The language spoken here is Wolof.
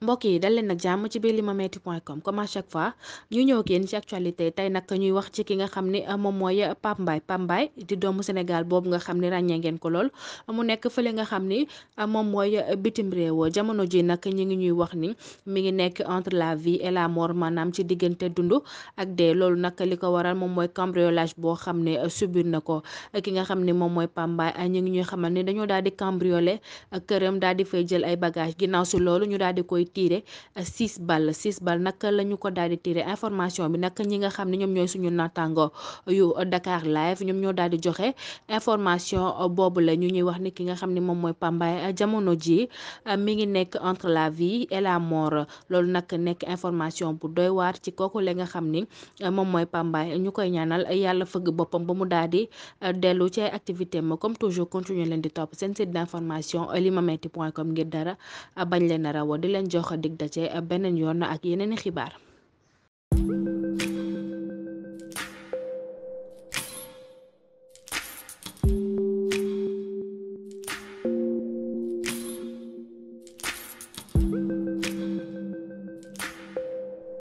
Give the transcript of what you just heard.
mbokk yi dal leen nag jàmm ci biir limametti point com comme à chaque fois ñu ñëw ak yéen ci actualité tey nag ñuy wax ci ki nga xam ni moom mooy Pape Mbaye di doomu Sénégal boobu nga xam ni ràññee ngeen ko lool mu nekk fële nga xam ni moom mooy bitim réew jamono ji nag ñi ngi ñuy wax ni mi ngi nekk entre la vie et la mort maanaam ci diggante dund ak dee loolu nag li ko waral moom mooy cambriolage boo xam ne subir na ko ki nga xam ni moom mooy Pape Mbaye ñu ngi ñuy xamal ni dañoo daal di cambrioler këram daal di fay jël ay bagage ginnaaw si loolu ñu daal di koy tiré six balles six balles nag la ñu ko daal di tiré information bi nag ñi nga xam ne ñoom ñooy suñu naataango yu Dakar live ñoom ñoo daal joxe information boobu la ñu ñuy wax ni ki nga xam ne moom mooy a jamono ji euh, mi ngi nekk entre la vie et la mort loolu nag nekk information bu doy waar ci kooku la nga xam ni euh, moom mooy Pambaay ñu koy ñaanal yàlla fëgg boppam ba mu daal di euh, dellu ci ay ma comme toujours continuer leen di topp seen site d'information a jox dig daje beneen yoon ak yeneen i xibaar.